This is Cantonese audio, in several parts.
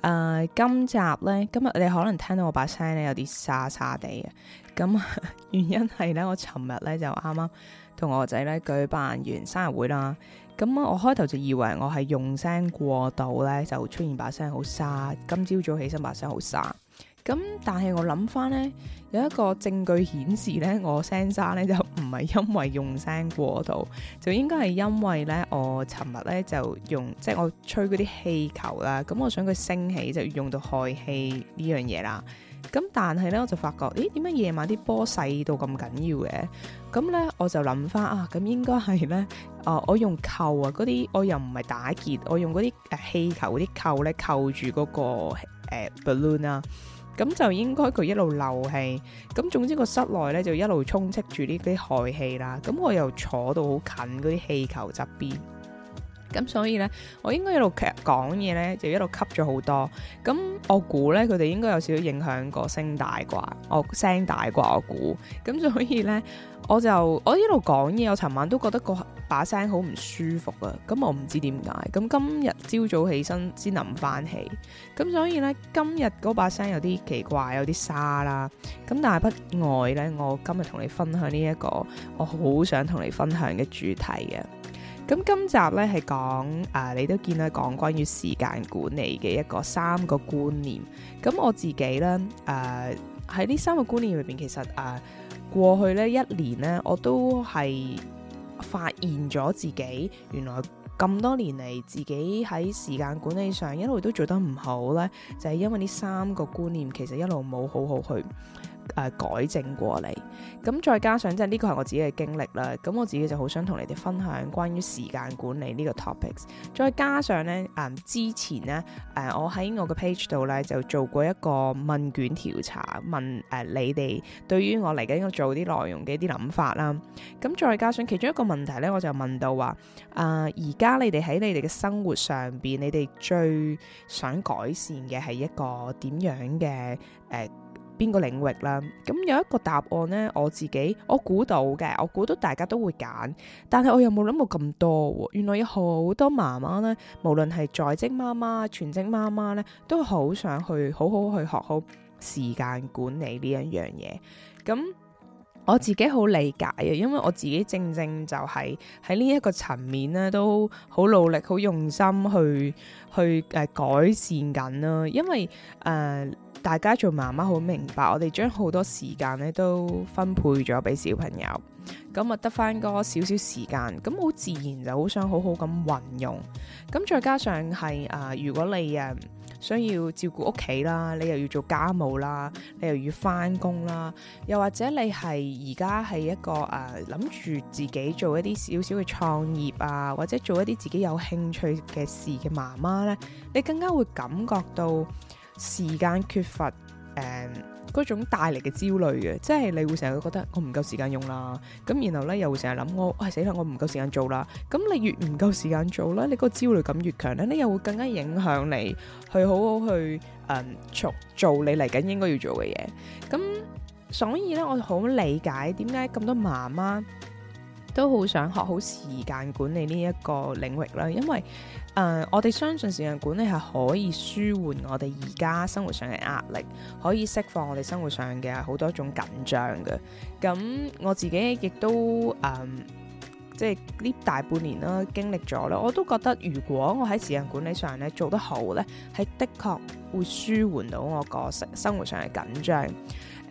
誒，uh，今集咧，今日你可能聽到我把聲咧有啲沙沙地嘅，咁、嗯、原因係咧，我尋日咧就啱啱同我仔咧舉辦完生日會啦，咁、嗯、我開頭就以為我係用聲過度咧，就出現把聲好沙，今朝早起身把聲好沙。咁，但係我諗翻呢，有一個證據顯示呢，我聲沙呢就唔係因為用聲過度，就應該係因為呢，我尋日呢就用即係我吹嗰啲氣球啦。咁我想佢升起就要用到氦氣呢樣嘢啦。咁但係呢，我就發覺，咦，點解夜晚啲波細到咁緊要嘅？咁、啊、呢，我就諗翻啊，咁應該係呢，啊，我用扣啊，嗰啲我又唔係打結，我用嗰啲誒氣球啲扣呢，扣住嗰、那個誒 balloon 啊。呃咁就應該佢一路漏氣，咁總之個室內咧就一路充斥住呢啲氦氣啦。咁我又坐到好近嗰啲氣球側邊，咁所以咧我應該一路講，講嘢咧就一路吸咗好多。咁我估咧佢哋應該有少少影響個聲大啩，我聲大啩，我估。咁所以咧。我就我一路講嘢，我尋晚都覺得個把聲好唔舒服啊！咁我唔知點解，咁今日朝早起身先諗翻起，咁所以呢，今日嗰把聲有啲奇怪，有啲沙啦。咁但係不外呢，我今日同你分享呢，這，一個我好想同你分享嘅主題嘅。咁今集呢係講誒，你都見到講關於時間管理嘅一個三個觀念。咁我自己呢，誒，呃，喺呢三個觀念裏邊，其實誒。呃過去咧一年咧，我都係發現咗自己，原來咁多年嚟自己喺時間管理上一路都做得唔好呢，就係因為呢三個觀念其實一路冇好好去。誒，改正過嚟，咁再加上即係呢個係我自己嘅經歷啦，咁我自己就好想同你哋分享關於時間管理呢個 topics。再加上咧，誒，之前咧，誒，我喺我個 page 度咧就做過一個問卷調查，問誒、呃、你哋對於我嚟緊應該做啲內容嘅一啲諗法啦。咁再加上其中一個問題咧，我就問到話，啊、呃，而家你哋喺你哋嘅生活上邊，你哋最想改善嘅係一個點樣嘅誒？呃邊個領域啦？咁有一個答案呢，我自己我估到嘅，我估到大家都會揀，但係我又冇諗過咁多啊。原來有好多媽媽呢，無論係在職媽媽、全職媽媽呢，都好想去好好去學好時間管理呢一樣嘢。咁。我自己好理解啊，因為我自己正正就係喺呢一個層面咧，都好努力、好用心去去誒改善緊啦。因為誒、呃、大家做媽媽好明白，我哋將好多時間咧，都分配咗俾小朋友，咁啊，得翻嗰少少時間，咁好自然就好想好好咁運用。咁再加上係誒、呃，如果你啊～、呃想要照顧屋企啦，你又要做家務啦，你又要返工啦，又或者你係而家係一個誒諗住自己做一啲少少嘅創業啊，或者做一啲自己有興趣嘅事嘅媽媽咧，你更加會感覺到時間缺乏。誒，嗰種帶嚟嘅焦慮嘅，即係你會成日都覺得我唔夠時間用啦，咁然後咧又會成日諗我係死啦，我唔夠時間做啦，咁你越唔夠時間做咧，你個焦慮感越強咧，你又會更加影響你去好好去誒做做你嚟緊應該要做嘅嘢，咁所以咧我好理解點解咁多媽媽。都好想學好時間管理呢一個領域啦，因為誒、呃，我哋相信時間管理係可以舒緩我哋而家生活上嘅壓力，可以釋放我哋生活上嘅好多種緊張嘅。咁我自己亦都誒、呃，即係呢大半年啦，經歷咗啦，我都覺得如果我喺時間管理上咧做得好咧，係的確會舒緩到我個生生活上嘅緊張。誒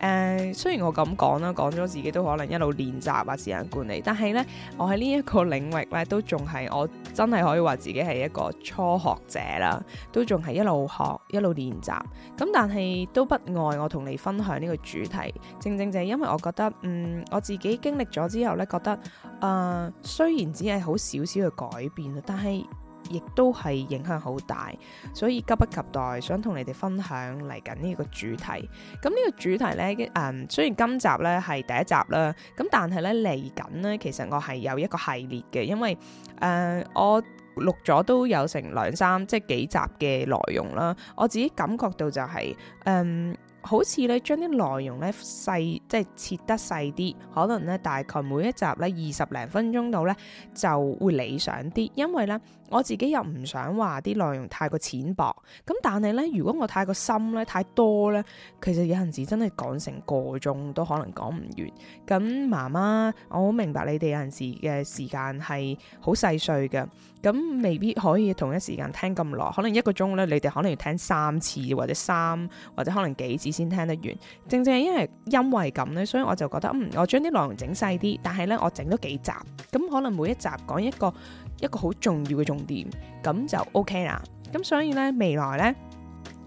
，uh, 雖然我咁講啦，講咗自己都可能一路練習啊，時間管理，但係呢，我喺呢一個領域咧，都仲係我真係可以話自己係一個初學者啦，都仲係一路學一路練習，咁但係都不愛我同你分享呢個主題，正正就正因為正正就係因為我覺得，嗯，我自己經歷咗之後呢，覺得，誒、呃，雖然只係好少少嘅改變啦，但係，亦都係影響好大，所以急不及待想同你哋分享嚟緊呢個主題。咁呢個主題呢，誒、嗯、雖然今集呢係第一集啦，咁但係呢嚟緊呢，其實我係有一個系列嘅，因為誒、嗯、我錄咗都有成兩三即係幾集嘅內容啦。我自己感覺到就係、是、誒、嗯、好似呢將啲內容呢細即係切得細啲，可能呢大概每一集呢二十零分鐘到呢就會理想啲，因為呢。我自己又唔想話啲內容太過淺薄，咁但係呢，如果我太過深呢，太多呢，其實有陣時真係講成個鐘都可能講唔完。咁媽媽，我好明白你哋有陣時嘅時間係好細碎嘅，咁未必可以同一時間聽咁耐。可能一個鐘呢，你哋可能要聽三次或者三或者可能幾次先聽得完。正正係因為因為咁呢，所以我就覺得嗯，我將啲內容整細啲，但係呢，我整咗幾集，咁可能每一集講一個一個好重要嘅重點。點咁 就 OK 啦，咁所以咧，未來咧。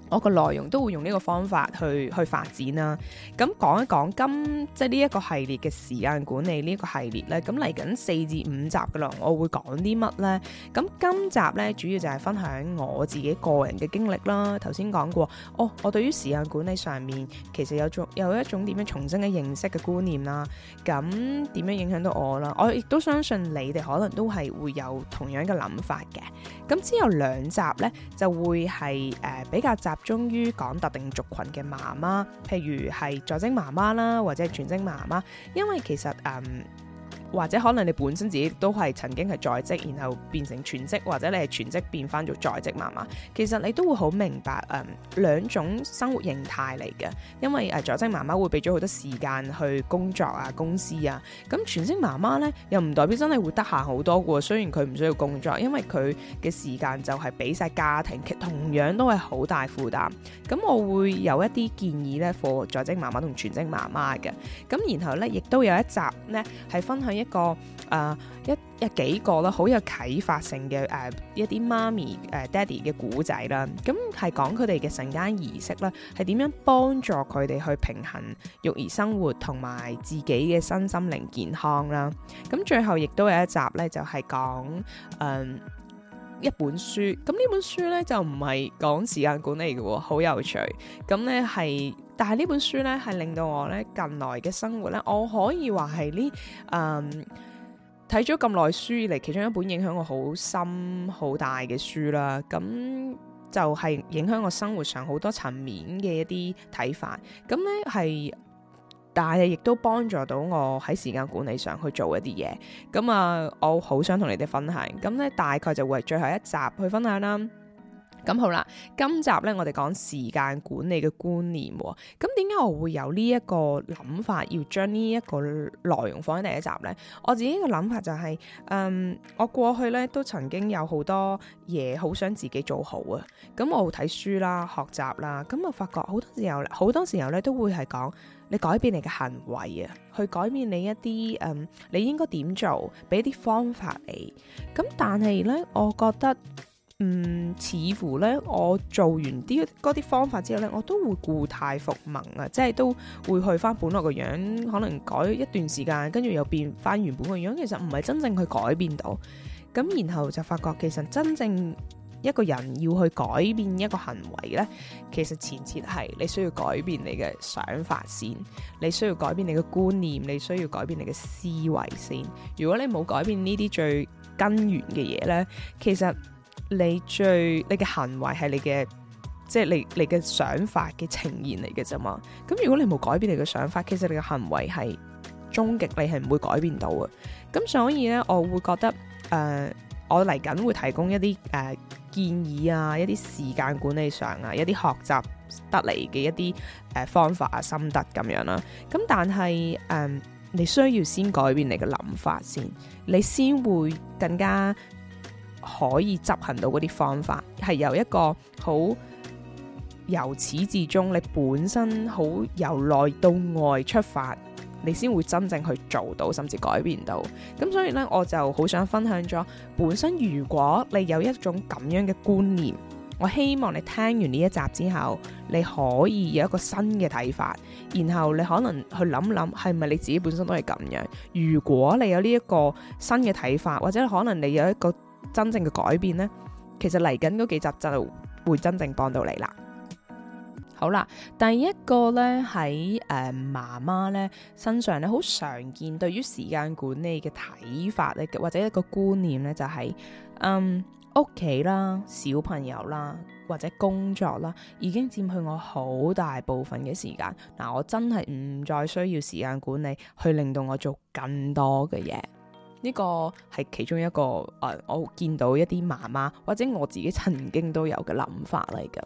我個內容都會用呢個方法去去發展啦。咁講一講今，即係呢一個系列嘅時間管理呢一個系列呢，咁嚟緊四至五集嘅喇。我會講啲乜呢？咁今集呢，主要就係分享我自己個人嘅經歷啦。頭先講過，哦，我對於時間管理上面其實有種有一種點樣重新嘅認識嘅觀念啦。咁點樣影響到我啦？我亦都相信你哋可能都係會有同樣嘅諗法嘅。咁之後兩集呢，就會係誒、呃、比較雜。終於講特定族群嘅媽媽，譬如係在職媽媽啦，或者係全職媽媽，因為其實嗯。或者可能你本身自己都係曾經係在職，然後變成全職或者你係全職變翻做在職媽媽，其實你都會好明白誒、嗯、兩種生活形態嚟嘅，因為誒在職媽媽會俾咗好多時間去工作啊、公司啊，咁全職媽媽咧又唔代表真係會得閒好多嘅喎，雖然佢唔需要工作，因為佢嘅時間就係俾晒家庭，同樣都係好大負擔，咁我會有一啲建議咧 for 在職媽媽同全職媽媽嘅，咁然後咧亦都有一集咧係分享一一個誒、呃，一一幾個啦，好有啟發性嘅誒、呃，一啲媽咪誒、呃、爹哋嘅古仔啦，咁係講佢哋嘅晨間儀式啦，係、呃、點樣幫助佢哋去平衡育兒生活同埋自己嘅身心靈健康啦。咁、呃、最後亦都有一集咧，就係講誒一本書。咁呢本書咧就唔係講時間管理嘅，好有趣。咁咧係。但係呢本書咧，係令到我咧近來嘅生活咧，我可以話係呢，嗯，睇咗咁耐書以嚟，其中一本影響我好深、好大嘅書啦。咁就係影響我生活上好多層面嘅一啲睇法。咁咧係，但係亦都幫助到我喺時間管理上去做一啲嘢。咁啊，我好想同你哋分享。咁咧，大概就會係最後一集去分享啦。咁好啦，今集咧我哋講時間管理嘅觀念。咁點解我會有呢一個諗法，要將呢一個內容放喺第一集呢？我自己嘅諗法就係、是，嗯，我過去咧都曾經有好多嘢好想自己做好啊。咁、嗯、我睇書啦，學習啦，咁、嗯、我發覺好多時候，好多時候咧都會係講你改變你嘅行為啊，去改變你一啲，嗯，你應該點做，俾啲方法你。咁、嗯、但係呢，我覺得。嗯，似乎咧，我做完啲嗰啲方法之後咧，我都會故態復萌啊，即係都會去翻本來個樣，可能改一段時間，跟住又變翻原本個樣。其實唔係真正去改變到，咁然後就發覺，其實真正一個人要去改變一個行為咧，其實前設係你需要改變你嘅想法先，你需要改變你嘅觀念，你需要改變你嘅思維先。如果你冇改變呢啲最根源嘅嘢咧，其實。你最你嘅行為係你嘅，即係你你嘅想法嘅呈現嚟嘅啫嘛。咁如果你冇改變你嘅想法，其實你嘅行為係終極，你係唔會改變到嘅。咁所以咧，我會覺得誒、呃，我嚟緊會提供一啲誒、呃、建議啊，一啲時間管理上啊，一啲學習得嚟嘅一啲誒、呃、方法啊、心得咁樣啦、啊。咁但係誒、呃，你需要先改變你嘅諗法先，你先會更加。可以執行到嗰啲方法，係由一個好由始至終，你本身好由內到外出發，你先會真正去做到，甚至改變到。咁所以呢，我就好想分享咗本身，如果你有一種咁樣嘅觀念，我希望你聽完呢一集之後，你可以有一個新嘅睇法，然後你可能去諗諗係咪你自己本身都係咁樣。如果你有呢一個新嘅睇法，或者可能你有一個。真正嘅改變呢，其實嚟緊嗰幾集就會真正幫到你啦。好啦，第一個呢，喺誒、呃、媽媽呢身上呢，好常見對於時間管理嘅睇法呢，或者一個觀念呢，就係、是、嗯，屋企啦、小朋友啦或者工作啦，已經佔去我好大部分嘅時間。嗱，我真係唔再需要時間管理去令到我做更多嘅嘢。呢個係其中一個誒、呃，我見到一啲媽媽或者我自己曾經都有嘅諗法嚟嘅。誒、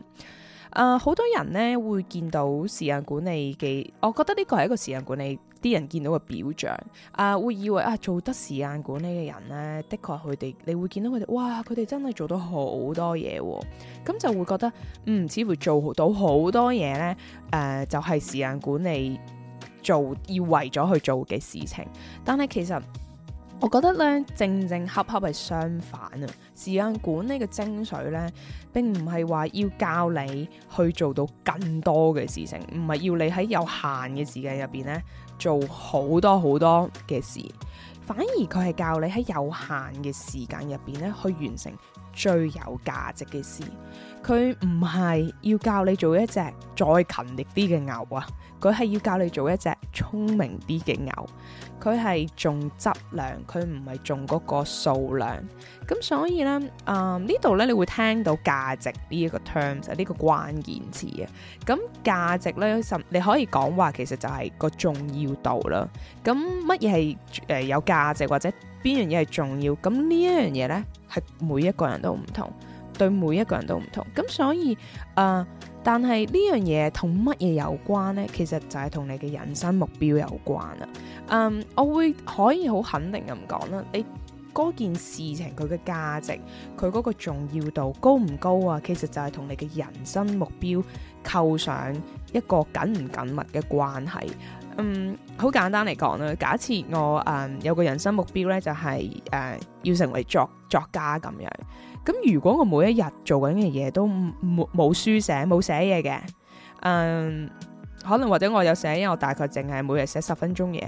呃，好多人呢會見到時間管理嘅，我覺得呢個係一個時間管理啲人見到嘅表象。誒、呃，會以為啊、呃，做得時間管理嘅人呢，的確佢哋，你會見到佢哋，哇，佢哋真係做到好多嘢喎、啊。咁就會覺得，嗯，似乎做到好多嘢呢，誒、呃，就係、是、時間管理做要為咗去做嘅事情。但係其實，我覺得咧，正正恰恰係相反啊！時間管理嘅精髓咧，並唔係話要教你去做到更多嘅事情，唔係要你喺有限嘅時間入邊咧做好多好多嘅事，反而佢係教你喺有限嘅時間入邊咧去完成最有價值嘅事。佢唔係要教你做一隻再勤力啲嘅牛啊，佢係要教你做一隻聰明啲嘅牛。佢係重質量，佢唔係重嗰個數量。咁所以咧，嗯，呢度咧你會聽到價值呢一個 terms，就呢個關鍵詞嘅。咁價值咧，甚你可以講話，其實就係個重要度啦。咁乜嘢係誒有價值或者邊樣嘢係重要？咁呢一樣嘢咧係每一個人都好唔同。對每一個人都唔同，咁所以誒、呃，但係呢樣嘢同乜嘢有關呢？其實就係同你嘅人生目標有關啊。嗯，我會可以好肯定咁講啦，你嗰件事情佢嘅價值，佢嗰個重要度高唔高啊？其實就係同你嘅人生目標構上一個緊唔緊密嘅關係。嗯，好簡單嚟講啦，假設我誒有個人生目標呢，就係誒要成為作作家咁樣。咁如果我每一日做緊嘅嘢都冇冇書寫冇寫嘢嘅，嗯，可能或者我有寫嘢，因為我大概淨係每日寫十分鐘嘢，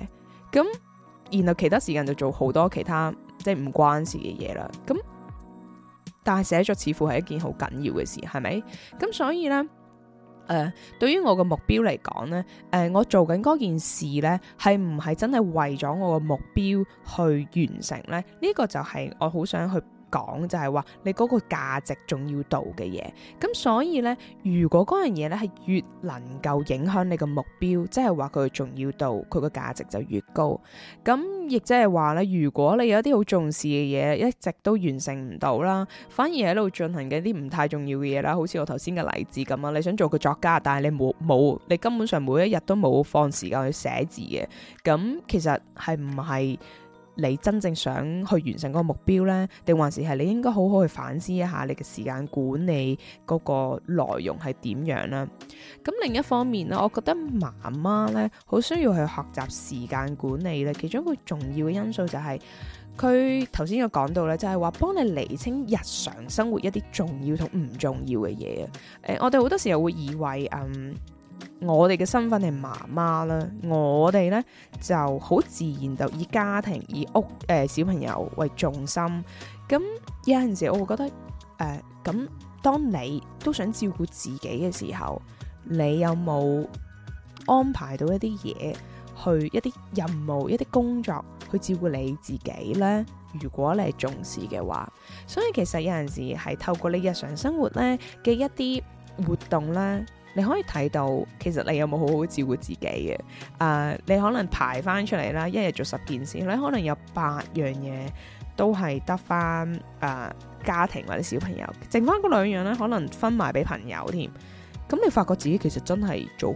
咁、嗯、然後其他時間就做好多其他即係唔關事嘅嘢啦。咁、嗯、但係寫作似乎係一件好緊要嘅事，係咪？咁所以咧，誒、呃，對於我個目標嚟講咧，誒、呃，我做緊嗰件事咧係唔係真係為咗我個目標去完成咧？呢、這個就係我好想去。講就係話你嗰個價值重要度嘅嘢，咁所以呢，如果嗰樣嘢咧係越能夠影響你個目標，即係話佢重要度，佢個價值就越高。咁亦即係話咧，如果你有一啲好重視嘅嘢，一直都完成唔到啦，反而喺度進行緊啲唔太重要嘅嘢啦，好似我頭先嘅例子咁啊，你想做個作家，但係你冇冇，你根本上每一日都冇放時間去寫字嘅，咁其實係唔係？你真正想去完成嗰個目標咧，定還是係你應該好好去反思一下你嘅時間管理嗰個內容係點樣啦？咁另一方面咧，我覺得媽媽咧好需要去學習時間管理咧，其中一個重要嘅因素就係佢頭先有講到咧，就係、是、話幫你厘清日常生活一啲重要同唔重要嘅嘢啊！誒、呃，我哋好多時候會以為嗯。我哋嘅身份係媽媽啦，我哋呢就好自然就以家庭、以屋誒、呃、小朋友為重心。咁有陣時我會覺得誒，咁、呃、當你都想照顧自己嘅時候，你有冇安排到一啲嘢去一啲任務、一啲工作去照顧你自己呢？如果你係重視嘅話，所以其實有陣時係透過你日常生活呢嘅一啲活動呢。你可以睇到，其實你有冇好好照顧自己嘅？啊、呃，你可能排翻出嚟啦，一日做十件事，你可能有八樣嘢都係得翻啊家庭或者小朋友，剩翻嗰兩樣咧，可能分埋俾朋友添。咁你發覺自己其實真係做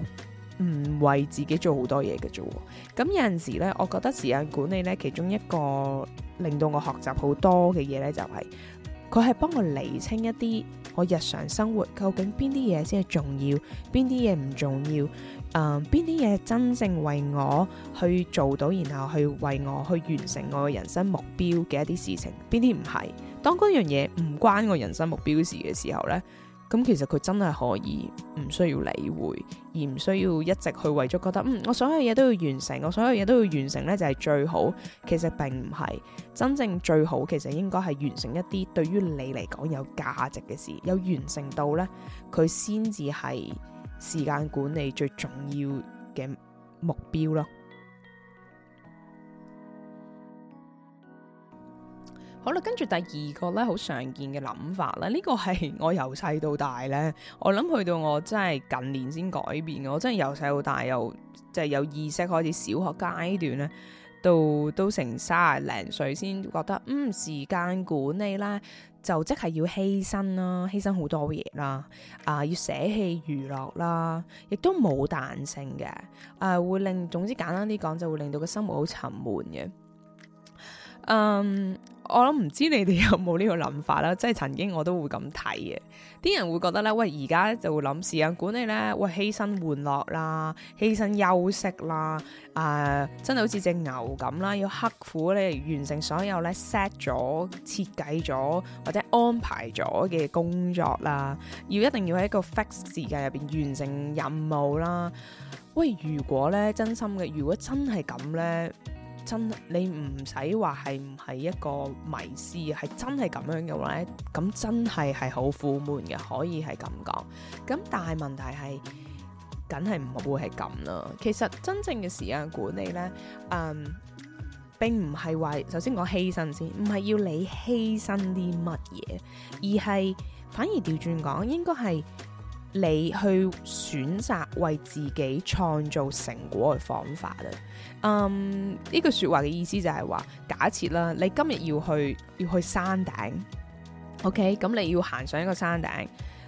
唔為自己做好多嘢嘅啫喎。咁有陣時咧，我覺得時間管理咧，其中一個令到我學習好多嘅嘢咧，就係、是。佢係幫我釐清一啲我日常生活究竟邊啲嘢先係重要，邊啲嘢唔重要，誒邊啲嘢真正為我去做到，然後去為我去完成我嘅人生目標嘅一啲事情，邊啲唔係？當嗰樣嘢唔關我人生目標事嘅時候呢。咁其實佢真係可以唔需要理會，而唔需要一直去為咗覺得，嗯，我所有嘢都要完成，我所有嘢都要完成咧就係最好。其實並唔係真正最好，其實應該係完成一啲對於你嚟講有價值嘅事。有完成到咧，佢先至係時間管理最重要嘅目標咯。好啦，跟住第二個咧，好常見嘅諗法咧，呢個係我由細到大咧，我諗去到我真係近年先改變嘅，我真係由細到大又即係有意識開始小學階段咧，到都成三十零歲先覺得，嗯，時間管理啦，就即係要犧牲啦，犧牲好多嘢啦，啊、呃，要捨棄娛樂啦，亦都冇彈性嘅，誒、呃，會令，總之簡單啲講，就會令到個生活好沉悶嘅，嗯。我諗唔知你哋有冇呢個諗法啦，即係曾經我都會咁睇嘅，啲人會覺得咧，喂而家就會諗時間管理咧，喂犧牲玩樂啦，犧牲休息啦，啊、呃，真係好似隻牛咁啦，要刻苦嚟完成所有咧 set 咗設計咗或者安排咗嘅工作啦，要一定要喺一個 fixed 時間入邊完成任務啦。喂，如果咧真心嘅，如果真係咁咧。真你唔使話係唔係一個迷思，係真係咁樣嘅話咧，咁真係係好苦悶嘅，可以係咁講。咁但係問題係，梗係唔會係咁啦。其實真正嘅時間管理呢，嗯，並唔係話首先講犧牲先，唔係要你犧牲啲乜嘢，而係反而調轉講，應該係你去選擇為自己創造成果嘅方法啦。嗯，呢句説話嘅意思就係話，假設啦，你今日要去要去山頂，OK，咁你要行上一個山頂，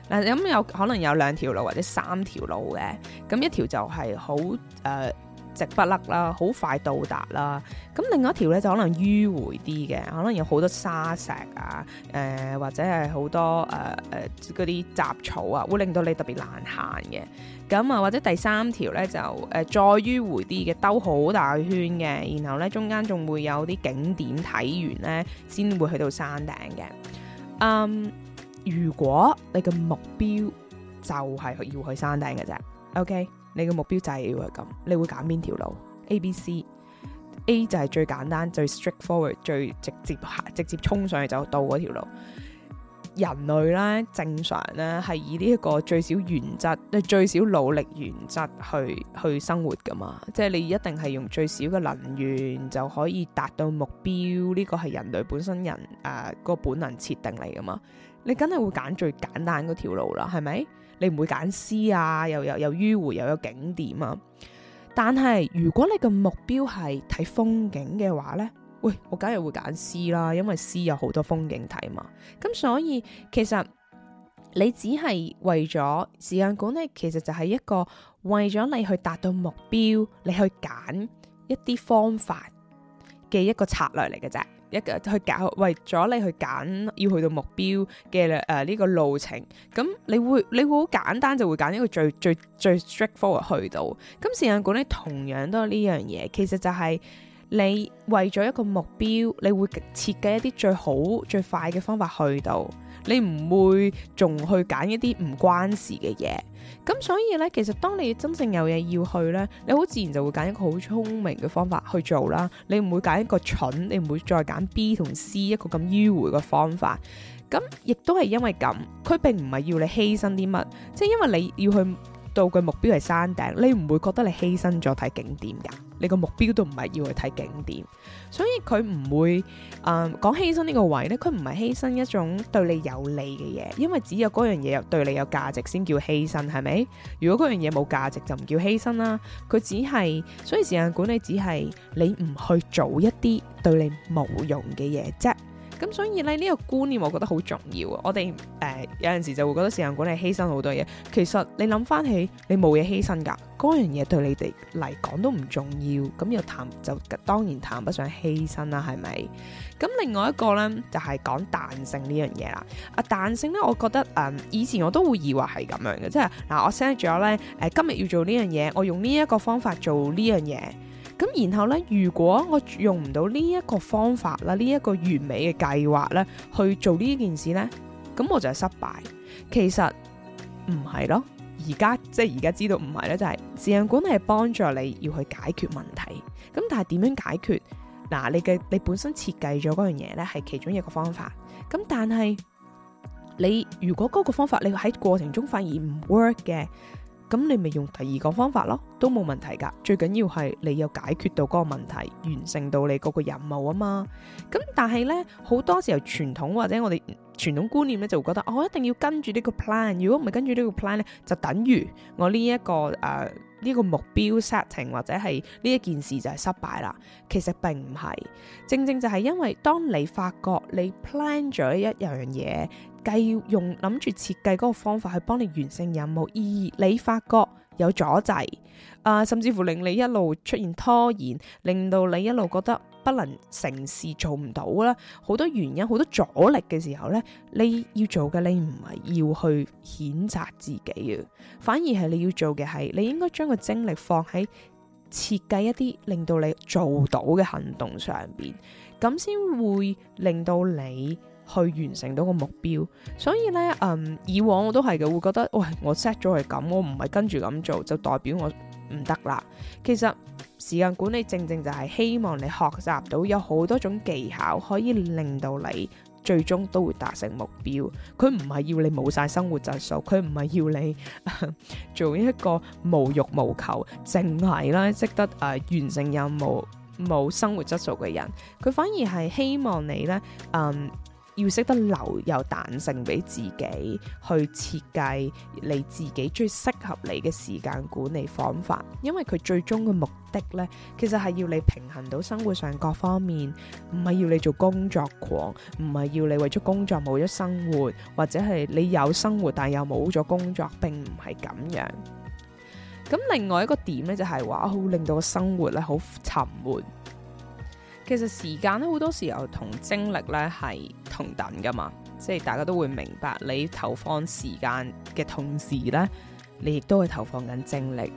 嗱，咁有可能有兩條路或者三條路嘅，咁一條就係好誒。Uh, 直不甩啦，好快到達啦。咁另外一條咧就可能迂回啲嘅，可能有好多沙石啊，誒、呃、或者係好多誒誒嗰啲雜草啊，會令到你特別難行嘅。咁啊或者第三條咧就誒、呃、再迂回啲嘅，兜好大圈嘅，然後咧中間仲會有啲景點睇完咧，先會去到山頂嘅。嗯、um，如果你嘅目標就係要去山頂嘅啫，OK。你嘅目標就係要係咁，你會揀邊條路？A、B、C，A 就係最簡單、最 straightforward、最直接下直接衝上去就到嗰條路。人類咧正常咧係以呢一個最少原則，即最少努力原則去去生活噶嘛。即係你一定係用最少嘅能源就可以達到目標，呢、這個係人類本身人誒、呃那個本能設定嚟噶嘛。你梗係會揀最簡單嗰條路啦，係咪？你唔會揀詩啊，又又又迂迴又有景點啊。但係如果你個目標係睇風景嘅話呢，喂，我梗係會揀詩啦，因為詩有好多風景睇嘛。咁所以其實你只係為咗時間管理，其實，其實就係一個為咗你去達到目標，你去揀一啲方法嘅一個策略嚟嘅啫。一個去搞，為咗你去揀要去到目標嘅誒呢個路程，咁你會你會好簡單就會揀一個最最最 straightforward 去到。咁時間管理同樣都有呢樣嘢，其實就係你為咗一個目標，你會設計一啲最好最快嘅方法去到，你唔會仲去揀一啲唔關事嘅嘢。咁所以咧，其實當你真正有嘢要去咧，你好自然就會揀一個好聰明嘅方法去做啦。你唔會揀一個蠢，你唔會再揀 B 同 C 一個咁迂回嘅方法。咁亦都係因為咁，佢並唔係要你犧牲啲乜，即係因為你要去到嘅目標係山頂，你唔會覺得你犧牲咗睇景點噶？你個目標都唔係要去睇景點，所以佢唔會誒、呃、講犧牲呢個位呢，佢唔係犧牲一種對你有利嘅嘢，因為只有嗰樣嘢有對你有價值先叫犧牲，係咪？如果嗰樣嘢冇價值，就唔叫犧牲啦。佢只係，所以時間管理只係你唔去做一啲對你冇用嘅嘢啫。咁所以咧，呢、呢個觀念我覺得好重要啊！我哋誒、呃、有陣時就會覺得時間管理犧牲好多嘢，其實你諗翻起，你冇嘢犧牲㗎。嗰樣嘢對你哋嚟講都唔重要，咁又談就當然談不上犧牲啦，係咪？咁另外一個呢，就係講彈性呢樣嘢啦。啊彈性呢，我覺得誒、嗯，以前我都會以為係咁樣嘅，即係嗱，我 send 咗呢，誒、呃，今日要做呢樣嘢，我用呢一個方法做呢樣嘢，咁然後呢，如果我用唔到呢一個方法啦，呢、這、一個完美嘅計劃呢去做呢件事呢，咁我就係失敗。其實唔係咯。而家即係而家知道唔係咧，就係、是、時間管理係幫助你要去解決問題。咁但係點樣解決？嗱，你嘅你本身設計咗嗰樣嘢咧，係其中一個方法。咁但係你如果嗰個方法你喺過程中反而唔 work 嘅，咁你咪用第二個方法咯，都冇問題噶。最緊要係你有解決到嗰個問題，完成到你嗰個任務啊嘛。咁但係咧，好多時候傳統或者我哋。傳統觀念咧就會覺得、哦，我一定要跟住呢個 plan，如果唔係跟住呢個 plan 咧，就等於我呢、這、一個誒呢、呃這個目標 setting 或者係呢一件事就係失敗啦。其實並唔係，正正就係因為當你發覺你 plan 咗一樣嘢，計用諗住設計嗰個方法去幫你完成任務，而你發覺有阻滯，啊、呃，甚至乎令你一路出現拖延，令到你一路覺得。不能成事做唔到啦，好多原因，好多阻力嘅時候咧，你要做嘅你唔係要去譴責自己嘅，反而係你要做嘅係，你應該將個精力放喺設計一啲令到你做到嘅行動上邊，咁先會令到你去完成到個目標。所以咧，嗯，以往我都係嘅，會覺得喂，我 set 咗係咁，我唔係跟住咁做，就代表我。唔得啦！其實時間管理正正就係希望你學習到有好多種技巧，可以令到你最終都會達成目標。佢唔係要你冇晒生活質素，佢唔係要你做一個無慾無求、淨係咧識得誒完成任務、冇生活質素嘅人。佢反而係希望你咧，嗯。要識得留有彈性俾自己去設計你自己最適合你嘅時間管理方法，因為佢最終嘅目的呢，其實係要你平衡到生活上各方面，唔係要你做工作狂，唔係要你為咗工作冇咗生活，或者係你有生活但又冇咗工作，並唔係咁樣。咁另外一個點呢，就係，就係話好令到個生活咧好沉悶。其實時間咧好多時候同精力呢係同等噶嘛，即係大家都會明白。你投放時間嘅同時咧，你亦都係投放緊精力。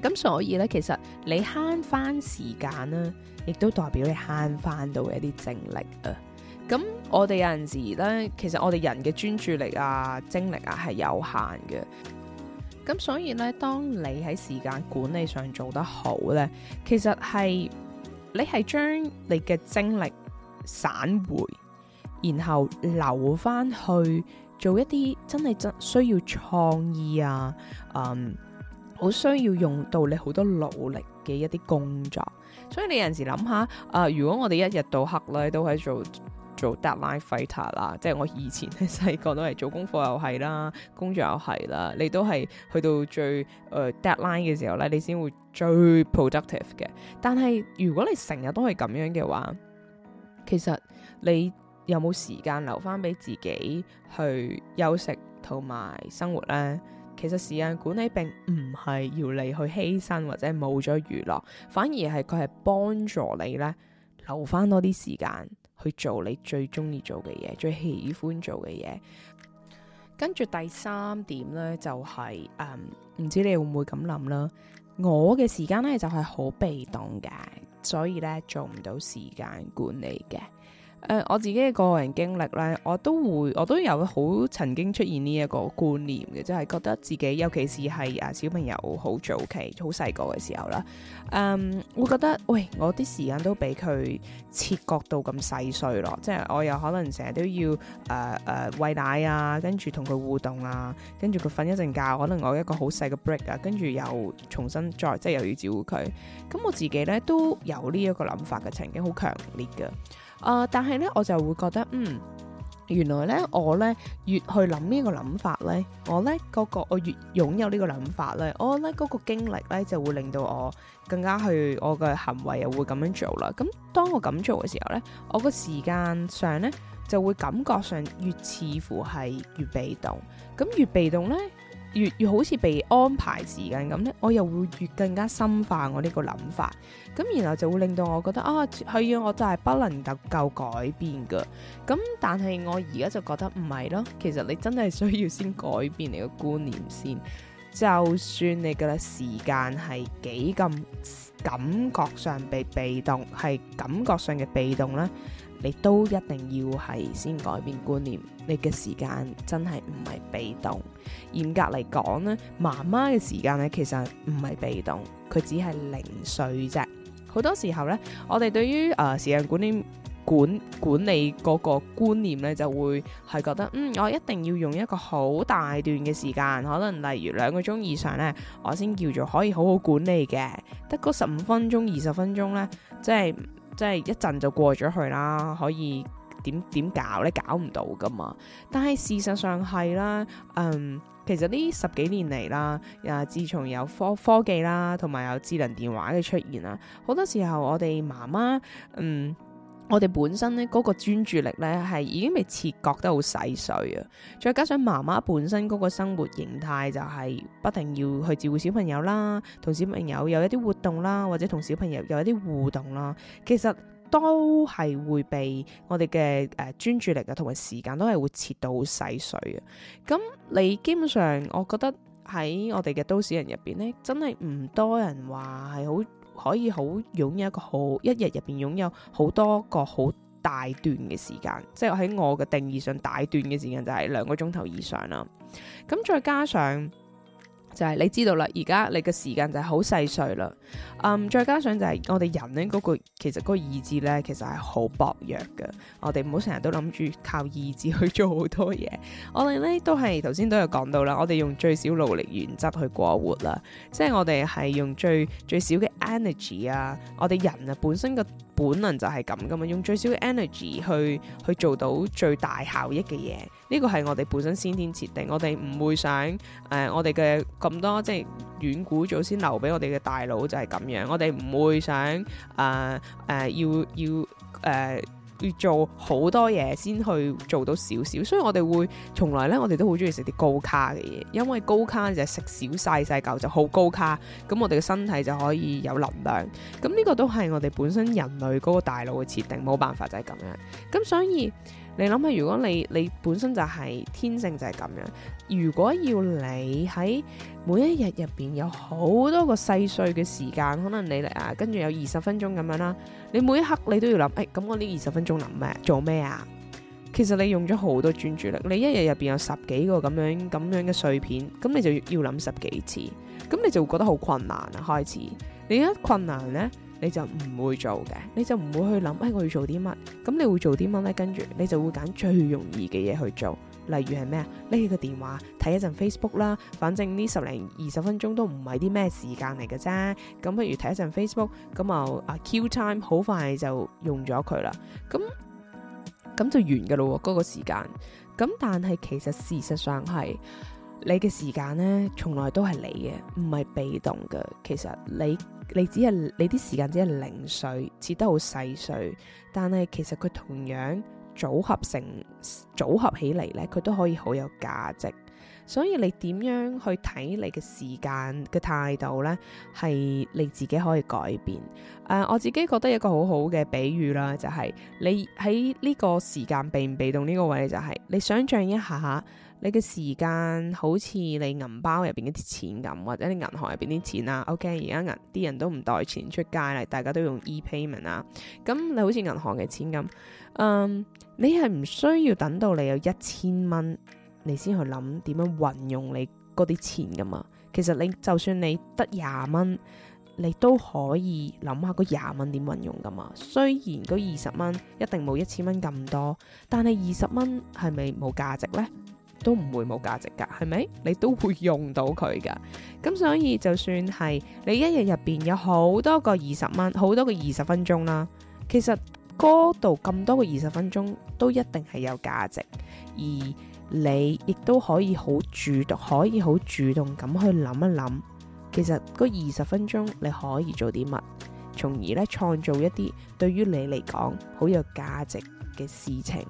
咁所以咧，其實你慳翻時間咧，亦都代表你慳翻到一啲精力啊。咁我哋有陣時咧，其實我哋人嘅專注力啊、精力啊係有限嘅。咁所以咧，當你喺時間管理上做得好咧，其實係你係將你嘅精力散回。然後留翻去做一啲真係真需要創意啊，嗯，好需要用到你好多努力嘅一啲工作。 所以你有陣時諗下，啊、呃，如果我哋一日到黑咧都係做做 deadline fighter 啦，即係我以前喺細個都係做功課又係啦，工作又係啦，你都係去到最誒、呃、deadline 嘅時候咧，你先會最 productive 嘅。但係如果你成日都係咁樣嘅話，其實你，有冇時間留翻俾自己去休息同埋生活呢？其實時間管理並唔係要你去犧牲或者冇咗娛樂，反而係佢係幫助你呢，留翻多啲時間去做你最中意做嘅嘢，最喜歡做嘅嘢。跟住第三點呢，就係，誒，唔知你會唔會咁諗啦？我嘅時間呢，就係好被動嘅，所以呢，做唔到時間管理嘅。誒、呃、我自己嘅個人經歷咧，我都會我都有好曾經出現呢一個觀念嘅，就係覺得自己尤其是係啊小朋友好早期好細個嘅時候啦，嗯、呃，會覺得喂，我啲時間都俾佢切割到咁細碎咯，即係我又可能成日都要誒誒、呃呃、餵奶啊，跟住同佢互動啊，跟住佢瞓一陣覺，可能我一個好細嘅 break，啊，跟住又重新再即係又要照顧佢，咁我自己咧都有呢一個諗法嘅，曾經好強烈嘅。啊、呃、但係咧，我就會覺得，嗯，原來咧，我咧越去諗呢個諗法咧，我咧嗰、這個我越擁有呢個諗法咧，我咧嗰、這個經歷咧就會令到我更加去我嘅行為又會咁樣做啦。咁當我咁做嘅時候咧，我個時間上咧就會感覺上越似乎係越被動，咁越被動咧。越越好似被安排時間咁咧，我又會越更加深化我呢個諗法。咁然後就會令到我覺得啊，係我就係不能夠改變噶。咁但係我而家就覺得唔係咯。其實你真係需要先改變你個觀念先。就算你嘅時間係幾咁感覺上被被動，係感覺上嘅被動啦。你都一定要係先改變觀念，你嘅時間真係唔係被動。嚴格嚟講呢，媽媽嘅時間咧，其實唔係被動，佢只係零碎啫。好多時候呢，我哋對於誒、呃、時間管理管管理嗰個觀念呢，就會係覺得嗯，我一定要用一個好大段嘅時間，可能例如兩個鐘以上呢，我先叫做可以好好管理嘅。得嗰十五分鐘、二十分鐘呢，即係。即係一陣就過咗去啦，可以點點搞呢？搞唔到㗎嘛。但係事實上係啦，嗯，其實呢十幾年嚟啦，啊，自從有科科技啦，同埋有智能電話嘅出現啦，好多時候我哋媽媽嗯。我哋本身咧嗰個專注力咧係已經被切割得好細碎啊！再加上媽媽本身嗰個生活形態就係不停要去照顧小朋友啦，同小朋友有一啲活動啦，或者同小朋友有一啲互動啦，其實都係會被我哋嘅誒專注力啊，同埋時間都係會切到好細碎啊！咁你基本上，我覺得喺我哋嘅都市人入邊咧，真係唔多人話係好。可以好擁有一個好，一日入邊擁有好多個好大段嘅時間，即係喺我嘅定義上，大段嘅時間就係兩個鐘頭以上啦。咁再加上，就係你知道啦，而家你嘅時間就係好細碎啦。嗯，再加上就係我哋人咧嗰個，其實嗰個意志咧，其實係好薄弱嘅。我哋唔好成日都諗住靠意志去做好多嘢。我哋咧都係頭先都有講到啦，我哋用最少努力原則去過活啦，即係我哋係用最最少嘅 energy 啊，我哋人啊本身個。本能就係咁㗎嘛，用最少嘅 energy 去去做到最大效益嘅嘢。呢、這個係我哋本身先天設定，我哋唔會想誒、呃，我哋嘅咁多即係遠古祖先留俾我哋嘅大腦就係咁樣，我哋唔會想誒誒、呃呃、要要誒。呃要做好多嘢先去做到少少，所以我哋會從來咧，我哋都好中意食啲高卡嘅嘢，因為高卡就係食少細細嚿就好高卡，咁我哋嘅身體就可以有能量，咁呢個都係我哋本身人類嗰個大腦嘅設定，冇辦法就係咁樣，咁所以。你諗下，如果你你本身就係、是、天性就係咁樣，如果要你喺每一日入面有好多個細碎嘅時間，可能你嚟啊跟住有二十分鐘咁樣啦，你每一刻你都要諗，誒、欸、咁我呢二十分鐘諗咩做咩啊？其實你用咗好多專注力，你一日入面有十幾個咁樣咁樣嘅碎片，咁你就要要諗十幾次，咁你就會覺得好困難啊！開始你而家困難呢。你就唔會做嘅，你就唔會去諗，哎，我要做啲乜？咁你會做啲乜呢？跟住，你就會揀最容易嘅嘢去做，例如係咩啊？拎起個電話睇一陣 Facebook 啦，反正呢十零二十分鐘都唔係啲咩時間嚟嘅啫。咁不如睇一陣 Facebook，咁啊啊 Q time 好快就用咗佢啦。咁咁就完噶咯，嗰個時間。咁但係其實事實上係。你嘅時間呢，從來都係你嘅，唔係被動嘅。其實你你只係你啲時間只係零碎，切得好細碎，但係其實佢同樣組合成組合起嚟呢佢都可以好有價值。所以你點樣去睇你嘅時間嘅態度呢？係你自己可以改變。誒、呃，我自己覺得一個好好嘅比喻啦，就係、是、你喺呢個時間被唔被動呢個位就係、是、你想像一下。你嘅時間好似你銀包入邊啲錢咁，或者你銀行入邊啲錢啦。OK，而家銀啲人都唔袋錢出街啦，大家都用 e-payment 啦。咁你好似銀行嘅錢咁，嗯、um，你係唔需要等到你有一千蚊，你先去諗點樣運用你嗰啲錢噶嘛。其實你就算你得廿蚊，你都可以諗下個廿蚊點運用噶嘛。雖然個二十蚊一定冇一千蚊咁多，但係二十蚊係咪冇價值呢？都唔會冇價值噶，係咪？你都會用到佢噶，咁所以就算係你一日入面有好多個二十蚊，好多個二十分鐘啦，其實嗰度咁多個二十分鐘都一定係有價值，而你亦都可以好主動，可以好主動咁去諗一諗，其實嗰二十分鐘你可以做啲乜，從而咧創造一啲對於你嚟講好有價值嘅事情。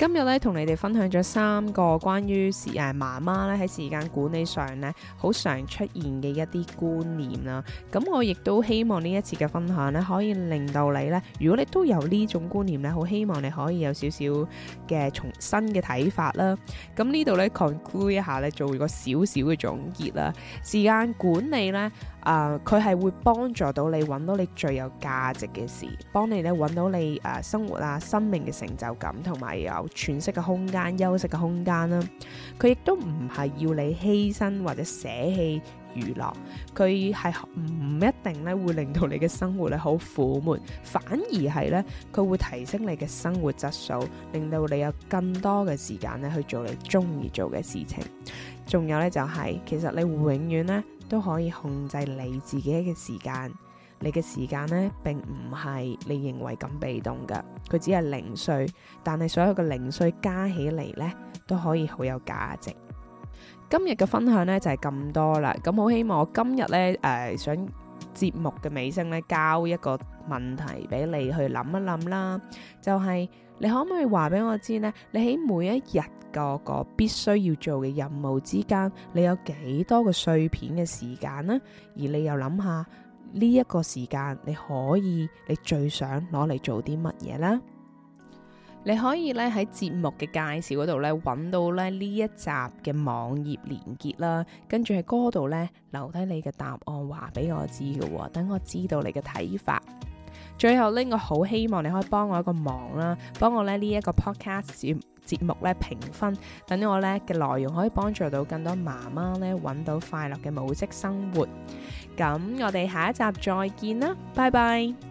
今日咧同你哋分享咗三個關於時誒媽媽咧喺時間管理上咧好常出現嘅一啲觀念啦。咁我亦都希望呢一次嘅分享咧可以令到你咧，如果你都有呢種觀念咧，好希望你可以有少少嘅重新嘅睇法啦。咁呢度咧 conclude 一下咧，做一個少少嘅總結啦。時間管理咧。啊，佢係會幫助到你揾到你最有價值嘅事，幫你咧揾到你誒生活啊生命嘅成就感，同埋有喘息嘅空間、休息嘅空間啦。佢亦都唔係要你犧牲或者捨棄娛樂，佢係唔一定咧會令到你嘅生活咧好苦悶，反而係咧佢會提升你嘅生活質素，令到你有更多嘅時間咧去做你中意做嘅事情。仲有咧就係，其實你永遠咧。都可以控制你自己嘅時間，你嘅時間呢並唔係你認為咁被動㗎，佢只係零碎，但係所有嘅零碎加起嚟呢都可以好有價值。今日嘅分享呢就係咁多啦，咁好希望我今日呢誒想節目嘅尾聲呢交一個問題俾你去諗一諗啦，就係。你可唔可以話俾我知呢？你喺每一日個個必須要做嘅任務之間，你有幾多個碎片嘅時間呢？而你又諗下呢一個時間，你可以你最想攞嚟做啲乜嘢咧？你可以咧喺節目嘅介紹嗰度咧，搵到咧呢一集嘅網頁連結啦，跟住喺嗰度咧留低你嘅答案，話俾我知嘅。等我知道你嘅睇法。最後，呢我好希望你可以幫我一個忙啦，幫我呢一個 podcast 節節目呢評分，等我呢嘅內容可以幫助到更多媽媽呢揾到快樂嘅母職生活。咁我哋下一集再見啦，拜拜。